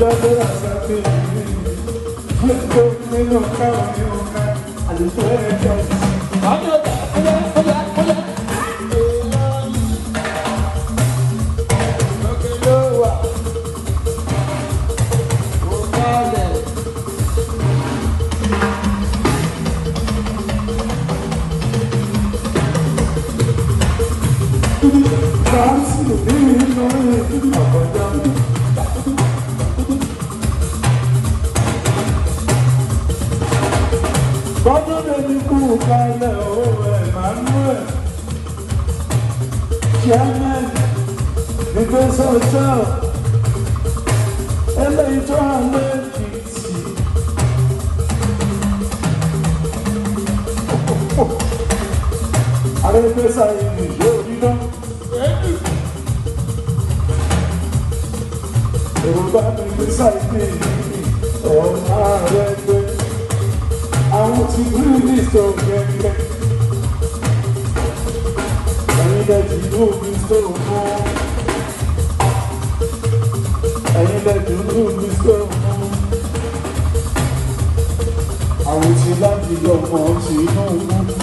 dábẹ́rẹ́ sábẹ́ mi lẹ́kọ̀ọ́ nínú káwọn ní ọ̀ka àlùfẹ́ ẹ̀jọ́ sí. ọjọ́ ta kúlẹ̀ kúlẹ̀ kúlẹ̀. Dance to me, bọ́dúndé kú kalẹ̀ Emmanuel chairman ìgbésẹ̀ ọjọ́ eléyìí tó hàn lẹ́yìn tì. ààrẹ ìgbésẹ̀ ìlú yóò níná. èrò bá mi gbèsè àìpé yìí ọ̀nà ààrẹ gbé want you do this so gẹ́gẹ́. Ẹ̀yin lẹ ti mú mi sọ̀rọ̀ mọ́. Ẹ̀yin lẹ ti mú mi sọ̀rọ̀ mọ́. Àwòṣe láti lọ́kọ̀ọ́ ṣe náà mú.